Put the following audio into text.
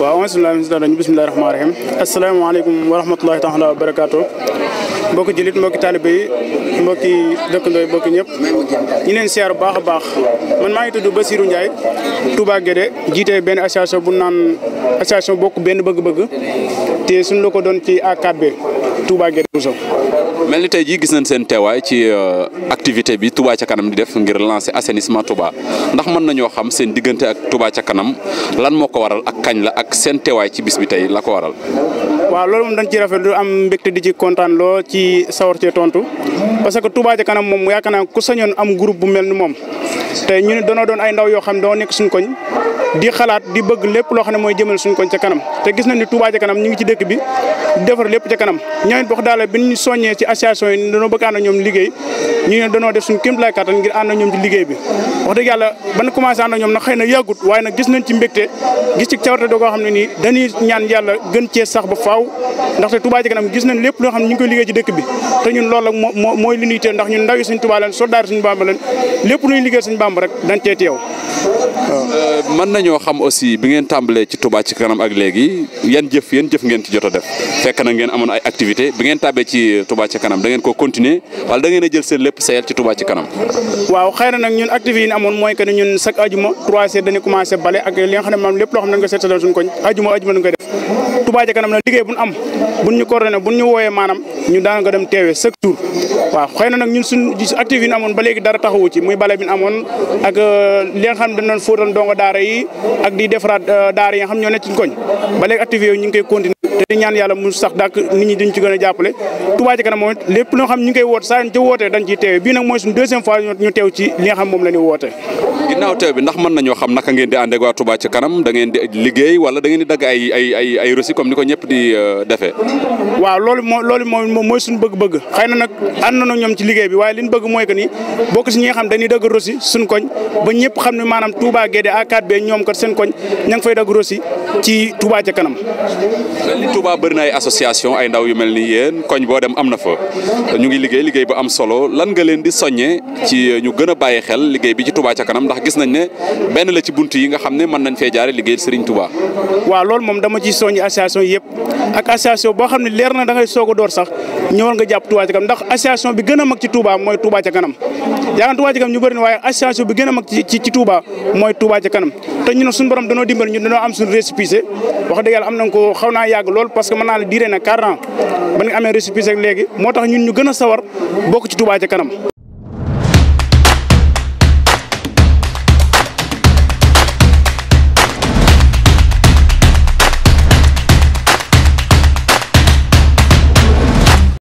waaw bismillah bismillahi rahmaani rahim asalaamaaleykum wa rahmatullahi taala wa barakaatu mbokki jullit mbokki taalibe yi mbokki dëkkandoo yi mbokki ñëpp ñu leen siyaar bu baax a baax man maa ngi tudd Basirou Ndiaye Touba Guédé jiite benn association bu naan association bokk benn bëgg-bëgg te suñ ko doon ci A4 bi Touba Guédé Bousso. mel ni gis nañ seen teewaay ci euh, activité bi tubaa ca kanam di def ngir lancé assainissement Touba ndax mën nañoo xam seen diggante ak tubaa ca kanam lan moo ko waral ak kañ la ak seen teewaay ci bis bi tey la ko waral. waaw loolu moom dañ ci rafet du am mbégte di ci kontaan loo ci sawar cee tontu parce que tubaa ca kanam moom yaakaar naa ku sañoon am groupe bu mel ni moom te ñu ne doon ay ndaw yoo xam ne doo nekk suñ koñ di xalaat di bëgg lépp loo xam ne mooy jëmal suñ koñ ca kanam te gis na ni Touba ca kanam ñu ngi ci dëkk bi defar lépp ca kanam ñooñu wax daal bi ñu soññee ci association yi dañoo bëgg ànd ak ñoom liggéey ñu ne dañoo def suñu kéemtalaay kattan ngir ànd ak ñoom ci liggéey bi wax dëgg yàlla ba ñu commencé ànd ak ñoom nag xëy na yàggut waaye na gis nañ ci mbégte gis ci cawarte doo xam ne nii dañuy ñaan yàlla gën cee sax ba faaw ndaxte Touba ci kanam gis nañ lépp loo xam ne ñu ngi koy liggéey ci dëkk bi te ñun loolu la moo mooy li ñuy teel ndax ñun ndaw yi suñ Touba leen soldaar suñ Bàmba leen lépp luy liggéey suñ Bàmba rek dañ cee teew euh, mën nañoo xam aussi bi ngeen tàmbalee ci Touba ci kanam ak léegi yan jëf yan jëf ngeen ci jot def fekk na ngeen amoon ay activité bi ngeen ci Touba kanam da ko continuer wala da ngeen a jël seen lépp sayal ci Touba kanam waaw xëy nag ñun activité yi amoon mooy que ñun chaque ajuma trois heures commencé bale ak dara taxawu ci muy bale bi amoon ak euh, li xam ne dañ doon fóotal ndongo daara di defaraat euh, daara xam ñoo ci koñ ba activité yooyu ñu continuer te ñaan yàlla mu sax dàkk nit ñi dañ ci gën a jàppale Touba Ca Kanam moom it lépp loo xam ñu ngi koy woote saa ñu ci wootee dañ ciy teewe bii nag mooy suñu deuxième fois ñu teew ci li xam moom la woote ginnaaw teew bi ndax mën naka ngeen di ànd ak waa Touba Ca Kanam da ngeen di liggéey wala da ngeen di dagg ay ay ni ko ñëpp di euh, defee waaw loolu moo loolu moom mooy suñu bëgg-bëgg xëy na nag ànd nañu ñoom ci liggéey bi waaye li bëgg mooy que ni bokk si ñi nga xam dagg reçu suñ koñ ba ñëpp xam ne maanaam Touba Guédé A4B ñoom kat seen koñ ña ngi fay dagg reçu ci Touba Ca Kanam Touba bëri na ay association ay ndaw yu mel ni yéen koñ boo dem am na fa ñu ngi liggéey liggéey bu am solo lan nga leen di soññee ci ñu gën a bàyyi xel liggéey bi ci tubaa ca kanam ndax gis nañ ne benn la ci bunt yi nga xam ne man nañ fee jaare liggéey Serigne Touba. waaw loolu moom dama ciy soññ association yëpp ak association boo xam ne leer na da ngay sax ñëwal nga jàpp Touba ca kanam ndax association bi gën a mag ci Touba mooy Touba ca kanam yaakaar Touba ca kanam ñu bëri na waaye association bi gën a mag ci ci Touba mooy Touba ca kanam te ñun suñu borom danoo dimbal ñun danoo am suñu récépissé wax dëgg yàlla am nañ ko xaw naa yàgg lool parce que mën naa la diiree na 40 ans ba nga amee récépissé ak léegi moo tax ñun ñu gën a sawar bokk ci Touba ca kanam